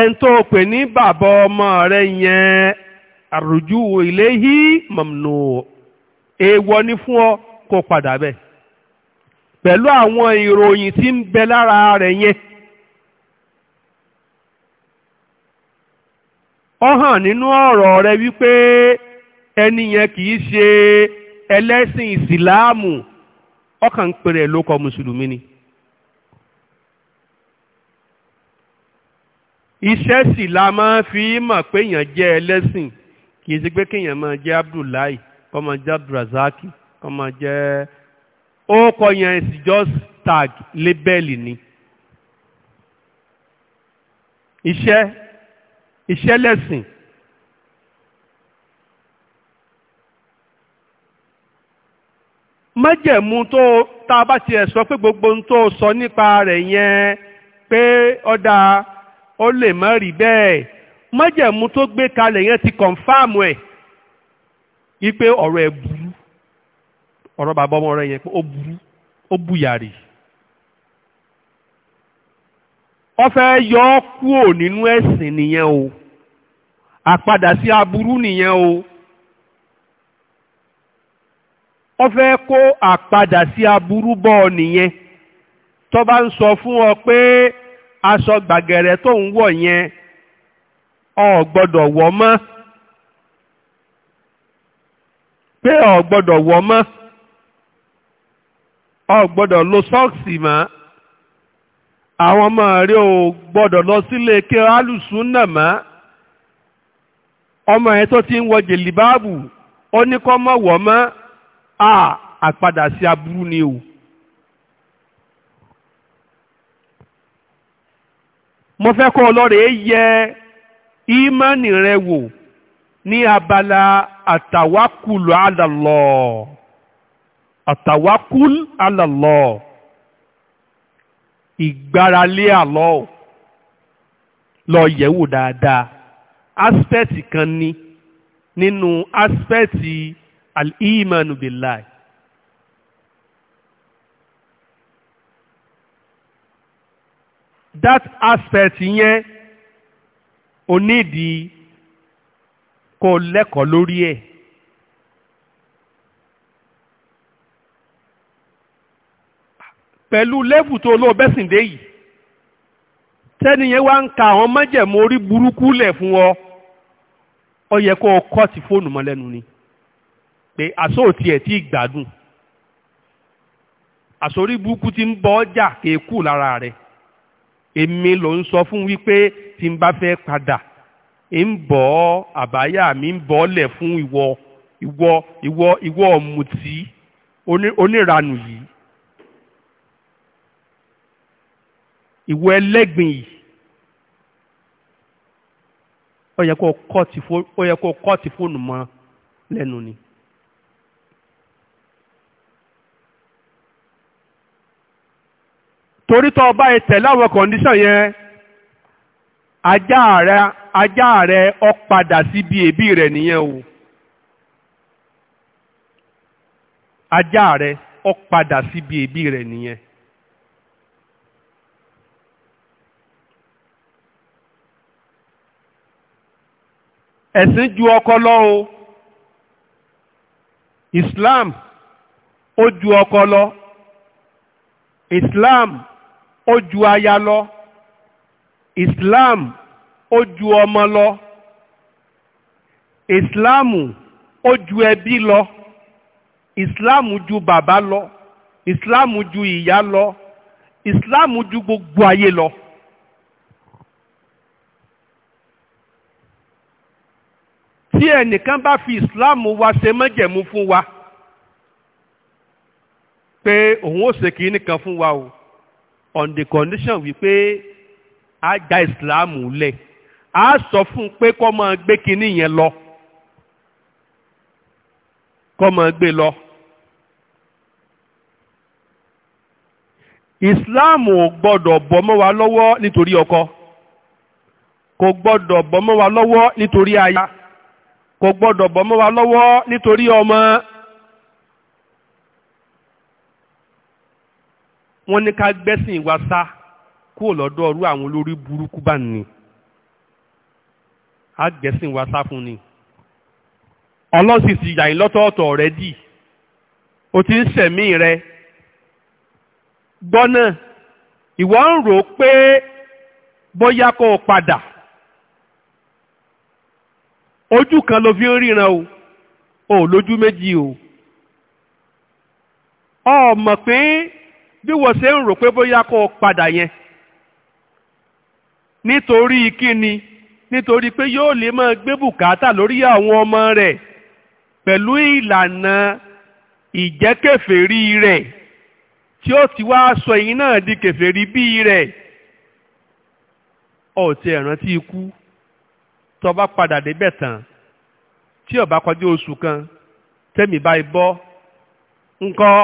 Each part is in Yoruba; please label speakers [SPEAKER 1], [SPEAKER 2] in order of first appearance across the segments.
[SPEAKER 1] ẹni tó o pè ní bàbá ọmọ rẹ yẹn àrùjú iléhi mọ̀mùnù èèwọ̀ ni fún ọ kó padà bẹ́ẹ̀ pẹ̀lú àwọn ìròyìn tí ń bẹ lára rẹ̀ yẹn. ó hàn nínú ọ̀rọ̀ rẹ̀ wípé ẹni yẹn kì í ṣe ẹlẹ́sìn ìsìláàmù ọkàn mùsùlùmí ni. iṣẹ́ sì la máa fi mọ̀ pé èèyàn jẹ́ ẹlẹ́sìn kì í ṣe pé kéèyàn máa jẹ́ Abdullahi kó máa jẹ́ Abdulrasaki kó máa jẹ́ ókọ yẹn sì just tag lébẹ́lì ni. iṣẹ́ iṣẹ́ lẹ́sìn. májẹ̀mú tó tá a bá tiẹ̀ sọ pé gbogbo ohun tó sọ nípa rẹ̀ yẹn pé ọ̀dà ó lè má rí bẹ́ẹ̀ májẹ̀mú tó gbé kalẹ̀ yẹn ti kọ̀nfáàmù ẹ̀ wípé ọ̀rọ̀ ẹ̀ burú ọ̀rọ̀ bàbá ọmọ rẹ̀ yẹn pé ó burú ó buyàrí ó fẹ́ yọ ọ́ kúrò nínú ẹ̀sìn nìyẹn o àpadà sí aburú nìyẹn o ó kó àpadà sí aburú bọ́ nìyẹn tó ń sọ fún ọ pé. aṣọ gbàgẹ̀rẹ̀ tó ń wọ̀ yẹn o gbọ́dọ̀ wọ̀ mọ́ pé o wọ̀ mọ́ o lo sọ́ọ̀sì mọ́ ọmọ rẹ ò gbọ́dọ̀ lọ sílé kí alùsùn náà mọ́ ọmọ yẹn tó ti ń wọ jèlìbáàbù ó ní kọ́ wọ̀ mọ́ ni o. mo fẹ́ kó ọlọ́rẹ̀ yẹ ìmánì rẹ wò ní abala àtàwákùlù àlàlọ́ àtàwákùlù àlàlọ́ ìgbáralé àlọ́ lọ yẹ̀wò dáadáa aspect kan ni nínú aspect al-imanu billahi that aspect yẹn o nídìí kó lẹ́kọ̀ọ́ lórí ẹ̀. pẹ̀lú lẹ́bù tó lọ bẹ́sìndé yìí tẹ́ni yẹn wá ń ka àwọn májẹ̀mú orí burúkú lẹ̀ fún ọ ọ yẹ kó o kọ́ ti fóònù mọ́ lẹ́nu ni pé àsóòtì ẹ̀ tí gbádùn àsórí burúkú ti ń bọ́ ọjà kéékù lára rẹ̀. èmi ló ń sọ fún wípé tí n bá fẹ́ padà ń bọ́ àbáyà mi ń bọ́ lẹ̀ fún ìwọ ìwọ ìwọ ìwọ ọ̀mùtí oníranù yìí ìwọ ẹlẹ́gbìn yìí ó yẹ kó kọ́ ti fóònù mọ́ lẹ́nu ni. torí tó o bá yẹ tẹ̀lé àwọn kọ̀ǹdíṣàn yẹn ajá rẹ ajá rẹ ọ padà síbi èébì rẹ nìyẹn o ajá rẹ ọ padà síbi èébì rẹ nìyẹn. ẹ̀sìn ju ọkọ lọ o Islam ó ju ọkọ lọ Islam ó ju aya lọ islam ó ju ọmọ lọ islam ó ju ẹbí lọ islam ju bàbá lọ islam ju ìyá lọ islam ju gbogbo ayé lọ. tí ẹnìkan bá fi islam wa ṣe májẹ̀mú fún wa pé òun ó ṣe kìíní fún wa o on the condition wípé a já ìsìláàmù lẹ̀ a sọ fún un pé kó máa gbé kinní yẹn lọ kó máa gbé lọ. ìsìláàmù ò gbọ́dọ̀ bọ́ mọ́ wa lọ́wọ́ nítorí ọkọ kò gbọ́dọ̀ bọ́ mọ́ wa lọ́wọ́ nítorí aya kò gbọ́dọ̀ bọ́ mọ́ wa lọ́wọ́ nítorí ọmọ. wọ́n ní ká gbẹ́sìn wa sá kúrò lọ́dọ̀ ọrú àwọn olórí burúkú bá ní á gbẹ́sìn wa sá fún ni ọlọ́sìn ti yà yín lọ́tọ̀ọ̀tọ̀ rẹ dì ó ti ń ṣẹ̀mí rẹ gbọ́ náà ìwọ ń rò pé bóyá kó o padà ojú kan ló fi ń ríran o ò lójú méjì o ọ mọ̀ pé bí wọ́n ṣe ń rò pé bóyá kó o padà yẹn nítorí kíni nítorí pé yóò lè máa gbé bùkátà lórí àwọn ọmọ rẹ̀ pẹ̀lú ìlànà ìjẹ́kẹ̀fẹ̀rí rẹ̀ tí ó ti wá sọ ẹ̀yin náà di kẹfẹ̀rí bíi rẹ̀ ọ̀tí ẹ̀rántí ikú tó bá padà débẹ̀ tán tí ọba bá kọjá oṣù kan tẹ́mi báyìí bọ́ ńkọ́.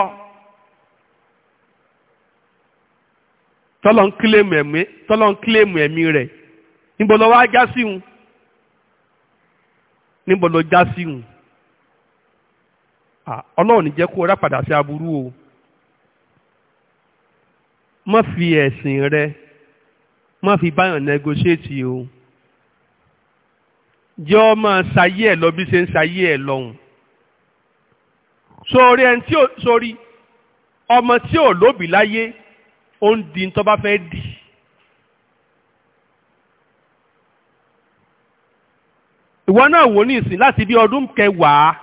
[SPEAKER 1] tọ́lọ́ ń kílèmù ẹ̀mí tọ́lọ́ ń kílèmù ẹ̀mí rẹ̀ níbo lọ wá já sí hun níbo lọ já sí hun ọlọ́run ní jẹ́ kó rá padà sí aburú o má fi ẹ̀sìn rẹ má fi báyàn negotiate o jẹ́ ọ máa ṣayé ẹ̀ lọ bí ṣe ń ṣayé ẹ̀ lọ́hùn sórí ẹni tí ò sórí ọmọ tí ò lóbìí láyé ó ń di tó bá fẹ́ dì. ìwọ náà wò ní ìsìn láti bí ọdún kẹwàá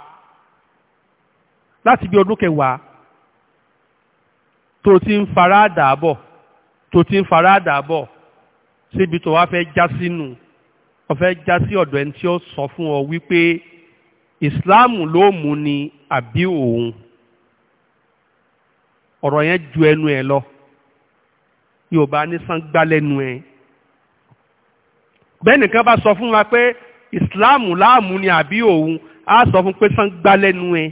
[SPEAKER 1] láti bí ọdún kẹwàá tó ti ń fara dàbọ̀ tó ti ń fara dàbọ̀ síbi tó wá fẹ́ já sínú ó já sí ọ̀dọ̀ ẹni tí ó sọ fún ọ wípé ìsìláàmù ló mú ni àbí òun ọ̀rọ̀ yẹn ju ẹnu ẹ lọ yorùbá nísàn gbá lẹ́nu ẹ̀ bẹ́ẹ̀ nìkan bá sọ fún wa pé ìsìláàmù láàmú ni àbí òun á sọ fún pé sàn gbá lẹ́nu ẹ̀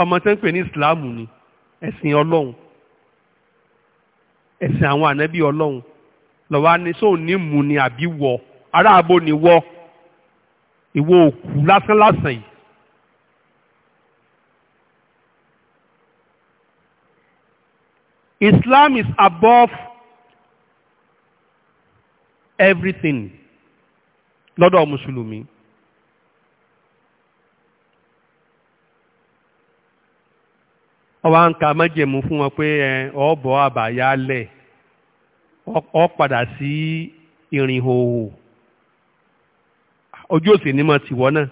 [SPEAKER 1] ọmọ tó ń pè ní ìsìláàmù ni ẹ̀sìn ọlọ́run ẹ̀sìn àwọn ànábì ọlọ́run lọ́wọ́ ni sóò ní mú ni àbí wọ aráàbò ni wọ ìwọ òkú lásán lásán yìí Islam is above everything lọ́dọ̀ mùsùlùmí. ọba ń nka májèmú fún wọn pé ẹ ọ̀bọ̀ abaya lẹ ọ padà sí ìrìn hòhò ojú òsì ni mo tìwọ́ náà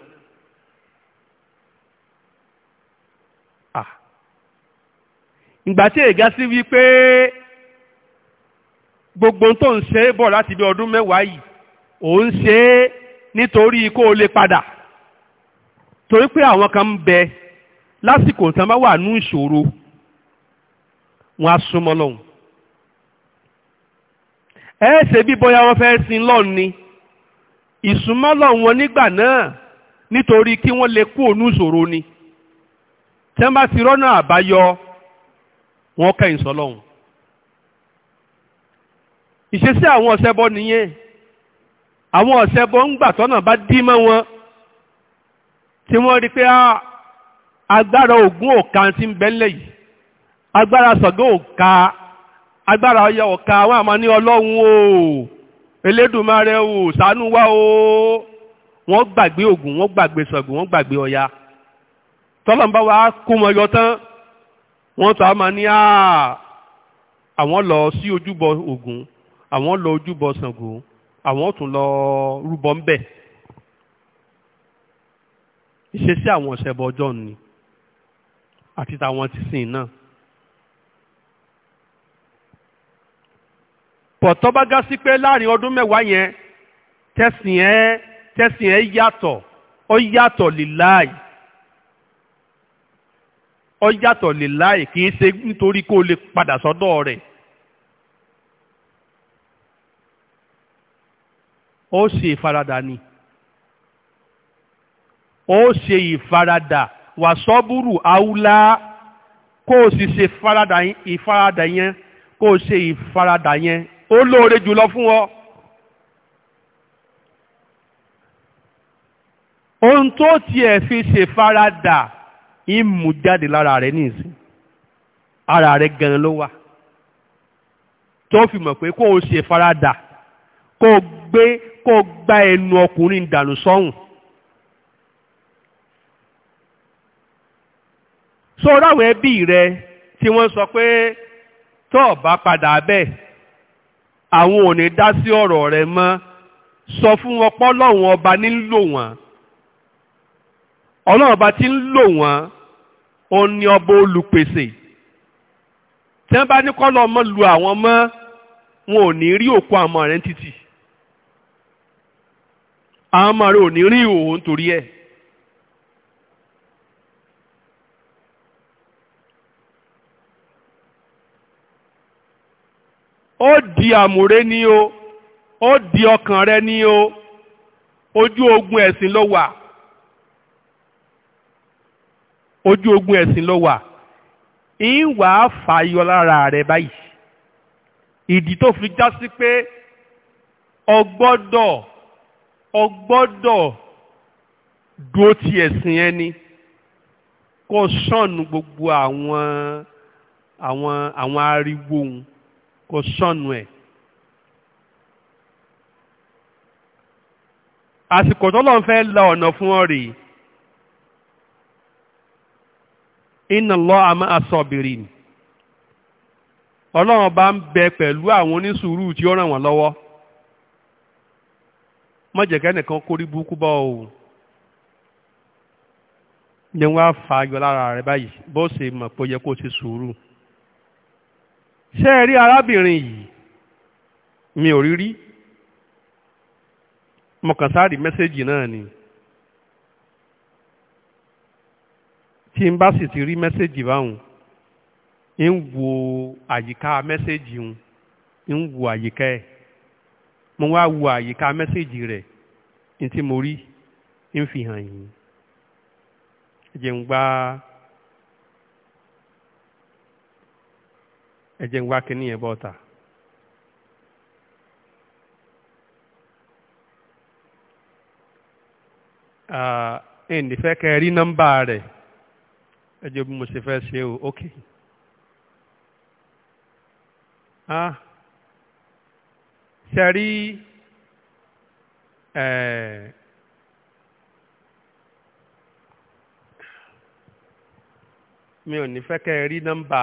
[SPEAKER 1] ìgbà tí èga sí wípé gbogbo tó ń ṣe é bọ̀ láti bí ọdún mẹ́wàá yìí ò ń ṣe é nítorí kó o lè padà torí pé àwọn kan ń bẹ lásìkò tí wọ́n bá wà nú ìṣòro wọn á súnmọ́ lọ́hùn ẹ ṣe bí bóyá wọ́n fẹ́ sin ni ìsúnmọ́ lọ́hùn wọn nígbà náà nítorí kí wọ́n lè kú ìṣòro ni tí wọ́n bá ti rọ́nà àbáyọ wọ́n kẹ́yìn sọ́lọ́hun ìṣesí àwọn ọ̀sẹ̀bọ nìyẹn àwọn ọ̀sẹ̀bọ ń gbà tọ́nà bá dí mọ́ wọn tí wọ́n rí pé agbára Ògún òka ti ń bẹ́lẹ̀ yìí agbára Ṣàngó òka agbára Ọya òka wọn àmọ́ ní ọlọ́run o Elédùmarè o ṣàánú wa o wọ́n gbàgbé Ògún wọ́n gbàgbé Ṣàngó wọ́n gbàgbé Ọya tọ́lọ́mbà wa kó wọn yọ tán wọ́n sá máa ní àà àwọn lọ sí ojúbọ Ògún àwọn lọ ojúbọ Ṣàngó àwọn tún lọ rúbọ ń bẹ̀ ìṣesí àwọn ọ̀sẹ̀bọ ọjọ́ ni àti tàwọn ti sìn náà. pọ̀tọ́ bá gá sí pé láàrin ọdún mẹ́wàá yẹn tẹ̀sìn ẹ̀ tẹ̀sìn ẹ̀ yàtọ̀ ó yàtọ̀ lè láàyè ọ yàtọ̀ lè láì kì í ṣe nítorí kó o lè padà sọ́dọ̀ rẹ̀. ó ṣe ìfaradà ni ó ṣe ìfaradà wà sọ́búrù áúlá kó o sì ṣe ìfaradà yẹn kó o ṣe ìfaradà yẹn ó lóore jùlọ fún ọ. ohun tó tiẹ̀ fi ṣèfaradà ìmú jáde lára rẹ̀ nìsín ara rẹ̀ gan ló wà tó fi mọ̀ pé kó o ṣe faradà kó o gbé kó o gbá ẹnu ọkùnrin dànù sọ́hùn. so ráwọn ẹbí rẹ tí wọ́n sọ pé tó o bá padà bẹ́ẹ̀ àwọn ò ní dá sí ọ̀rọ̀ rẹ mọ́ sọ fún ọpọlọ́hún ọba ní ń ọlọ́run ọba ti ń lò wọ́n òun ni ọba olùpèsè tí wọ́n bá ní kọ́lọ́ ọmọ lu àwọn mọ́ wọn ò ní rí òkú àwọn ọmọ rẹ̀ títì àwọn ọmọ rẹ̀ ò ní rí ìhòòhò nítorí ẹ̀. ó di àmùrè ni o ó di ọkàn rẹ ni o ojú ogun ẹ̀sìn ló wà ojú ogun ẹ̀sìn ló wà ń wà á fàyọ lára rẹ̀ báyìí ìdí tó fi já sí pé ọgbọ́dọ̀ ọgbọ́dọ̀ dúró ti ẹ̀sìn ẹni kó sọ̀nù gbogbo àwọn àwọn àwọn ariwo òun kó sọ̀nù ẹ̀. àsìkò tó lọ́n fẹ́ la ọ̀nà fún ọ rèé inna Allaha ma'a sabirin ọlọ́run bá ń bẹ pẹ̀lú àwọn onísùúrù tí ó ràn wọ́n lọ́wọ́ má jẹ́ kẹ́nìkan kórí burúkú bọ́ o ni wọ́n á fa ayọ̀ lára rẹ̀ báyìí bó ṣe mọ̀ pé ó yẹ kó ti sùúrù ṣé rí arábìnrin yìí mi ò rí rí mọ̀kànsáàrí mẹ́sẹ́jì náà ni. tí n bá sì ti rí mẹ́sẹ̀jì báwọn ń wo àyíká mẹ́sẹ̀jì ń ń wo àyíká ẹ̀ mo wá wo àyíká mẹ́sẹ̀jì rẹ̀ ní tí mo rí ń fi hàn yín ẹ jẹ́ ń gbá ẹ jẹ́ ń gbá kínní yẹn bọ́ta. ẹ̀ ǹdí fẹ́ kẹ́ rí nọ́mbà rẹ̀ ẹjọ́ bí mo ṣe fẹ́ ṣe o ok ah ṣe rí ẹ̀ mi ò ní fẹ́ kẹ́ ẹ rí nọ́mbà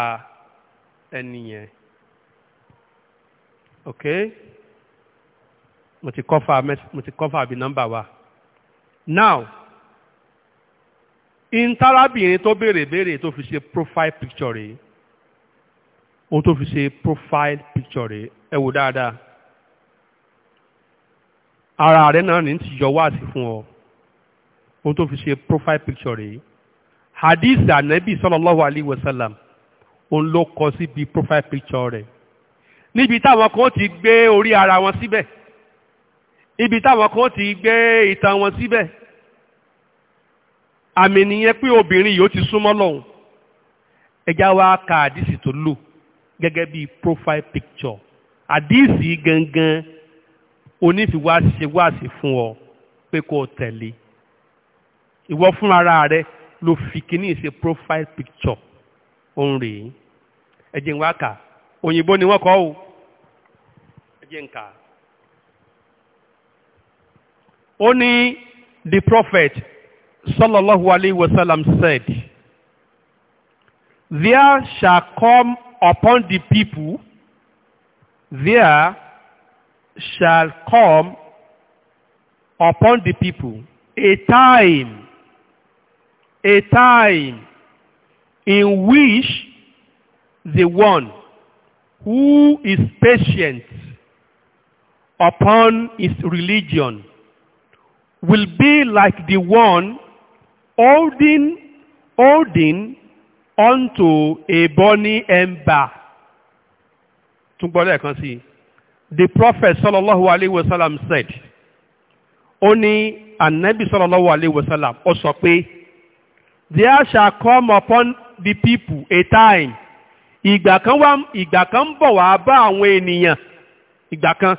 [SPEAKER 1] ẹni yẹn ok mo ti kọ́fà mo ti kọ́fà bí nọ́mbà wa now ìntarábìnrin tó béèrè béèrè tó fi ṣe profile picture rèé tó fi ṣe profile picture rèé ẹ wò dáadáa ara rẹ náà ní ti yọ wáàsí fún ọ ohun tó fi ṣe profile picture rèé hadith anabi sallallahu alayhi wa sallam òun ló kọ síbi profile picture rẹ̀ níbi táwọn kan ti gbé orí ara wọn síbẹ̀ ibi táwọn kan ti gbé ìtàn wọn síbẹ̀ àmì nìyẹn pé obìnrin yìí ó ti súnmọ́ lọ́hùn ẹja wa ka àdìsí tó lò gẹ́gẹ́ bí profile picture àdìsí gangan onífìwá ṣe wá sí fún ọ pé kó o tẹ̀lé ìwọ fún ara rẹ ló fi kíní ṣe profile picture òun rèé ẹ jẹ́ n wá kà òyìnbó ni wọ́n kọ́ o ẹ jẹ́ kà ó ní the prophet sallallahu alayhi wa sallam said, There shall come upon the people, there shall come upon the people a time, a time in which the one who is patient upon his religion will be like the one holding holding onto a burning ember tún gbọ́ lẹ́ẹ̀kan sí the prophet sallallahu alayhi wa sallam said o ni anabi sallallahu alayhi wa sallam ó sọ pe there shall come upon the people a time ìgbà kan wá ìgbà kan ń bọ̀ wá bá àwọn ènìyàn ìgbà kan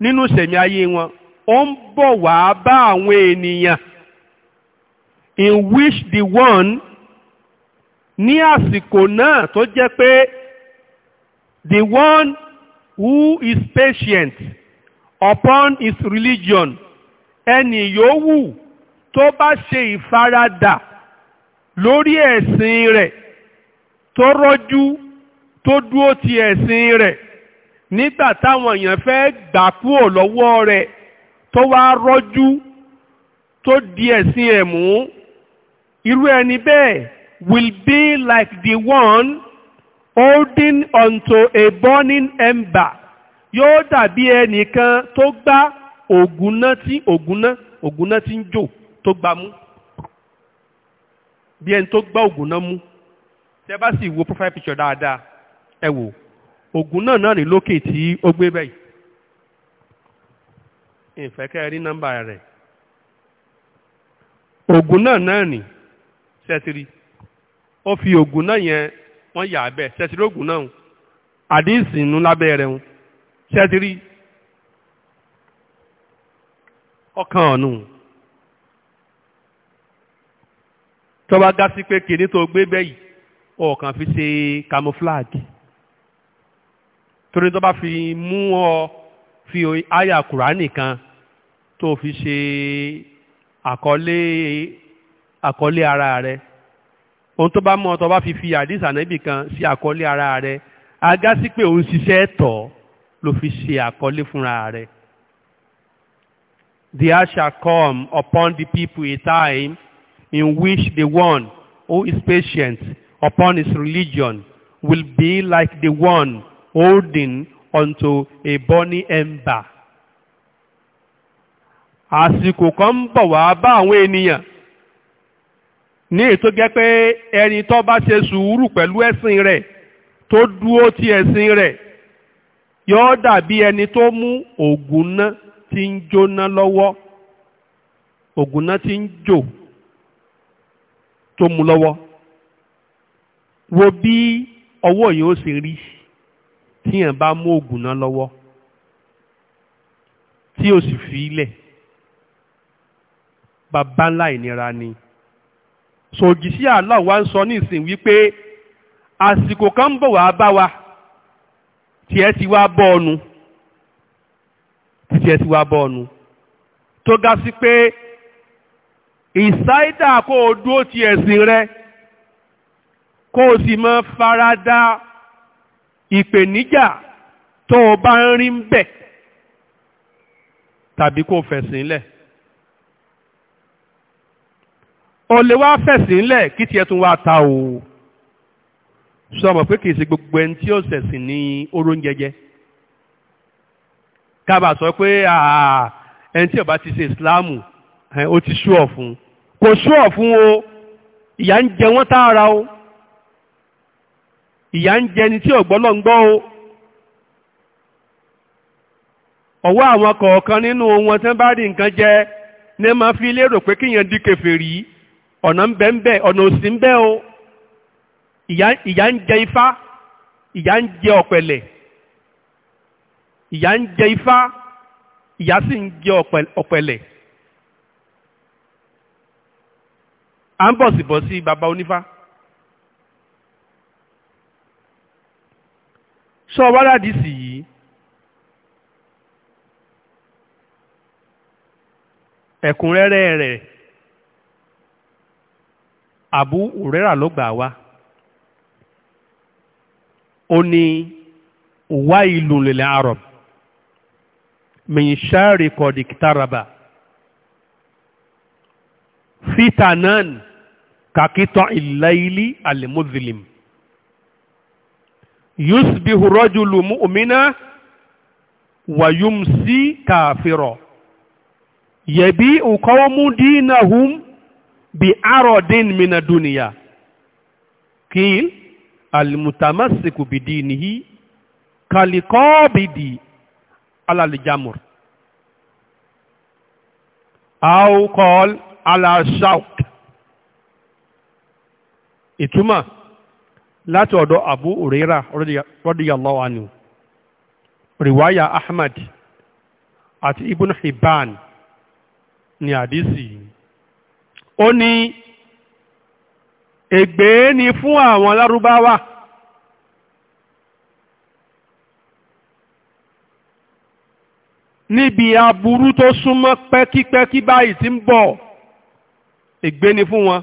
[SPEAKER 1] nínú sẹ̀mí ayé wọn ó ń bọ̀ wá bá àwọn ènìyàn. in which the one ní àsìkò náà tó jẹ́ pé the one who is patient upon his religion ẹni yòówù tó bá ṣe ìfaradà lórí ẹ̀sìn rẹ̀ tó rọ́jú tó dúró ti ẹ̀sìn rẹ̀ nígbà táwọn èèyàn fẹ́ gbà kúrò lọ́wọ́ rẹ̀ tó wá rọ́jú tó di ẹ̀sìn ẹ̀ irú ẹni bẹ́ẹ̀ will be like the one holding onto a burning ember yóò dàbí ẹnìkan tó gbá ògúnná tí ògúnná ògúnná tí ń jò tó gbá mú bí ẹni tó gbá ògúnná mú tẹ bá sì wo profile picture dáadáa ẹ wò ògúnná náà ní lókè tí ó gbé bẹ́ẹ̀ ìfẹ́kẹ́ rí nọ́mbà rẹ̀ ògúnná náà ní sẹ́tìrì ó fi ògùn náà yẹn wọ́n yà á bẹ́ẹ̀ sẹ́tìrì ògùn náà àdínsì nù lábẹ́ rẹ̀ wọn sẹ́tìrì ọkàn ọ̀nù tọ́ba gá sí pé kìíní tó gbé bẹ́ẹ̀ yìí ọ̀kan fi ṣe camouflage torí tọ́ba fi mú ọ fi àyà kùránì kan tó fi ṣe àkọlé àkọlé ara rẹ ohun tó bá mọ ọtọ bá fi fi àdìsá nẹ́bì kan sí àkọlé ara rẹ agá sí pé òun ṣiṣẹ́ ẹ̀tọ́ ló fi ṣe àkọlé fúnra rẹ. There shall come upon the people a time in which the one who is patient upon his religion will be like the one holding onto a burning ember. Àsìkò kan ń bọ̀ wá bá àwọn ènìyàn ní ètò jẹ́ pé ẹni tó bá ṣe sùúrù pẹ̀lú ẹ̀sìn rẹ̀ tó dúró ti ẹ̀sìn rẹ̀ yóò dàbí ẹni tó mú ògùnná tí ń jóná lọ́wọ́ ògùnná tí ń jò tó mú lọ́wọ́ wo bí ọwọ́ yìí ó ṣe rí tíyàn bá mú ògùnná lọ́wọ́ tí ó sì fi ilẹ̀ bàbá ńlá ìnira ni sòjì sí Allah wa ń sọ ní ìsìn wípé àsìkò kan ń bọ̀ wá bá wa tiẹ̀ ti wá bọ́ ọnu tiẹ̀ ti wá bọ́ ọnu tó ga sí pé ìsáídà kó o dúró ti ẹ̀sìn rẹ kó o sì máa farada ìpèníjà tó o bá ń rí ń bẹ̀ tàbí kó o fẹ̀sìn lẹ̀. ó lè wá fẹ̀sìn ńlẹ̀ kí tiẹ̀ tún wá ta o sọ mọ̀ pé kì í ṣe gbogbo ẹni tí ó ṣẹ̀sìn ní oróúnjẹjẹ kábà sọ pé ẹni tí ó bá ti ṣe ìsìláàmù ó ti sú ọ̀ kò sú ọ̀ o ìyà ń jẹ wọ́n tààrà o ìyà ń jẹ ni tí ọ̀gbọ́lọ́ ń gbọ́ o ọwọ́ àwọn kọ̀ọ̀kan nínú wọn tí wọ́n bá rí nǹkan jẹ ní máa fi lérò pé kíyàn di kèfèrí ọ̀nà ń bẹ ń bẹ ọ̀nà òsì ń bẹ o ìyá ń jẹ ifá ìyá ń jẹ ọ̀pẹ̀lẹ̀ ìyá ń jẹ ifá ìyá sì ń jẹ ọ̀pẹ̀lẹ̀ à ń bọ̀ sí bọ̀ sí baba onífá. sọ wárádìí sì yìí ẹ̀kúnrẹ́rẹ́ rẹ̀ Abu Urera ló gbà wá ó ní wá ìlú lèlẹ̀ Arab mìíṣàárì kọ̀dìkítàràbà fitanan kàkítọ̀ ìlàílì al-Muslim yusbihu rajulu mu'mina wa yumsi kafiro yabi'u qawmu dinahum bi arodin mina duniya kil almutamasiku bidinihi kalikobidi alalijamur au kol alashauk ìtumọ̀ láti ọ̀dọ̀ abu ureira radiyallahu anhu riwaya ahmad àti ibn hibban ni àdísì yìí ó ní ègbé ni fún àwọn lárúbáwá níbi aburú tó súnmọ́ pẹ́kípẹ́kí báyìí tí ń bọ̀ ègbé ni fún wọn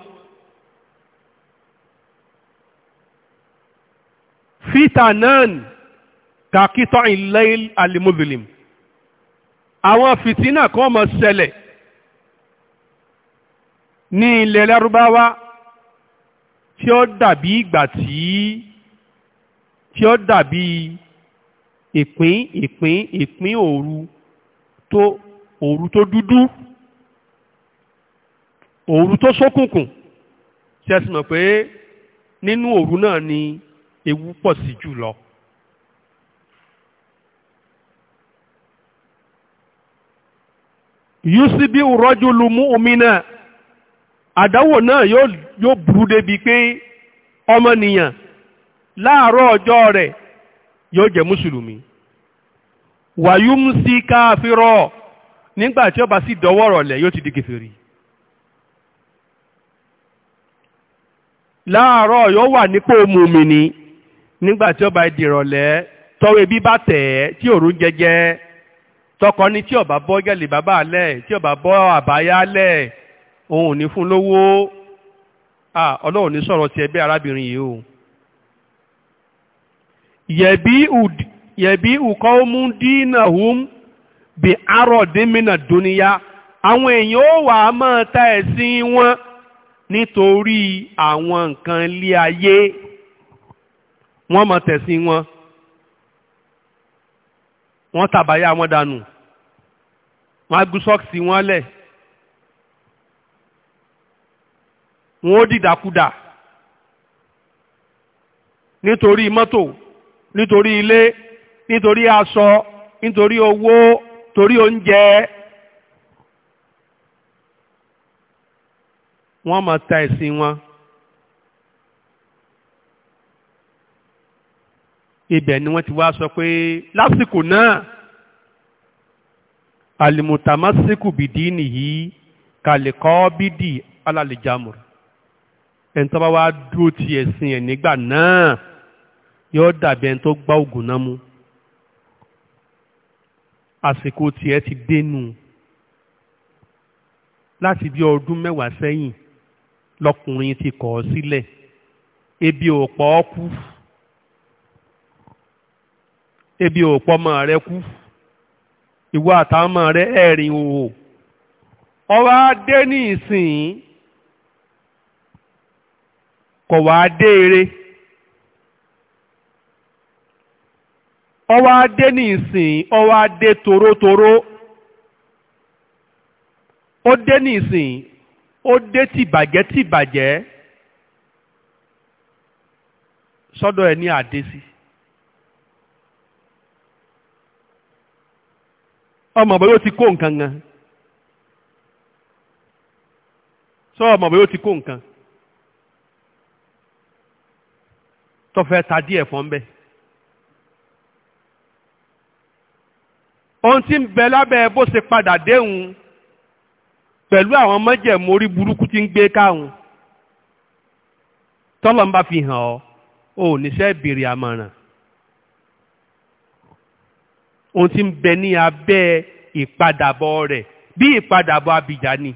[SPEAKER 1] fitanan kakitọ́ ilẹ̀ alimubilim àwọn fìtínà kan mọ̀ ṣẹlẹ̀ ní ilẹ̀ lárúbáwá tí ó dàbí ìgbà tí tí ó dàbí ìpín ìpín ìpín òru tó òru tó dúdú òru tó ṣókùnkùn ṣe sì mọ̀ pé nínú òru náà ni ewu pọ̀ sí jùlọ. yusufu rọ́jú lu mú omi náà. àdánwò náà yóò burú débi pé ọmọnìyàn láàárọ̀ ọjọ́ rẹ̀ yóò jẹ́ mùsùlùmí wàyúm sí káfírọ̀ nígbà tí ó bá sì dọwọ́ yóò ti di kèfèrí láàárọ̀ yóò wà nípò mùmìnì nígbà tí ó bá tọ́wọ́ bá tẹ̀ ẹ́ tí òru ń tọkọ ni tí bọ́ bàbá òun ní fún lówó à ọlọ́run ní sọ̀rọ̀ arábìnrin yìí o yẹ̀bí ùkọ́ mú dínà hùm bí arọ̀ dínmínà dúníyá àwọn èèyàn ó wà á máa ta ẹ̀sìn wọn nítorí àwọn nǹkan ilé ayé wọ́n máa tẹ̀sìn wọn wọ́n tàbáyá wọn dànù wọ́n wọn lẹ̀ wọn ó dìdàkudà nítorí mọ́tò nítorí ilé nítorí aṣọ nítorí owó torí oúnjẹ wọ́n máa ta ẹ̀sìn wọn. ibẹ̀ ni wọ́n ti wá sọ pé lásìkò náà alimutamasiku bìdí nìyí ala bídì alálejàmùrù. ẹni tó bá wá dúró ti ẹ̀sìn ẹ̀ nígbà náà yóò dàbí ẹni tó gbá ògùn náà mú àsìkò tiẹ̀ ti dénú láti bí ọdún mẹ́wàá sẹ́yìn lọkùnrin ti kọ̀ ọ́ sílẹ̀ ebi ò kú ebi ò ọmọ rẹ kú ìwọ àtàwọn ọmọ rẹ ẹ̀rìn òwò ọwọ́ adé ní ìsìn yìí. Kọwaa wá dé eré ọwọ́ adé ní ìsìn ọwọ́ adé torótoró ó dé ní ìsìn ó dé tìbàjẹ́ tìbàjẹ́ sọ́dọ̀ ẹ̀ ní àdé sí. ọmọ bóyá ti kó nǹkan gan ọmọ ti kó nǹkan. tó fẹ́ ta díẹ̀ fọ́n bẹ́ẹ̀. ohun tí ń bẹ lábẹ́ bó ṣe padà déhùn pẹ̀lú àwọn mọ́jẹ̀mú orí burúkú tí ń gbé káhùn tọ́lọ̀ ń bá fi hàn ọ́ ò níṣẹ́ béèrè àmọ̀ràn ohun tí ń bẹ ní abẹ́ ìpadàbọ̀ rẹ̀ bí ìpadàbọ̀ abìjà ni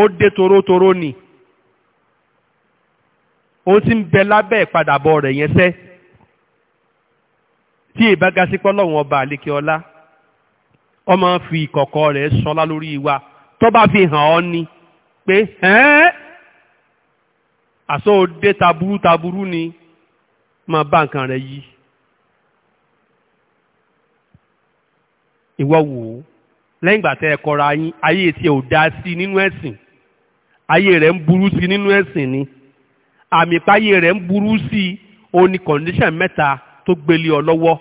[SPEAKER 1] ó dé torótoró ni o ti ń bẹ lábẹ́ ìpadàbọ̀ rẹ̀ yẹn sẹ́ tí ìbágasípọ̀ lọ́wọ́n ọba àlékè ọlá ọmọ fi ìkọ̀kọ̀ rẹ̀ sọlá lórí wa tó bá fi hàn ọ́ ni pé ẹ́ẹ́ àsóòdé taburú taburú ni máa bá nǹkan rẹ̀ yí. ìwọ wò ó lẹ́yìn ìgbà tẹ́ ẹ kọra ayé tí ò dá sí nínú ẹ̀sìn ayé rẹ̀ ń burú sí nínú ẹ̀sìn ni. àmì ìpáyé rẹ̀ ń burú sí i ó ní kọ̀ǹdíṣàn mẹ́ta tó gbélé ọ lọ́wọ́.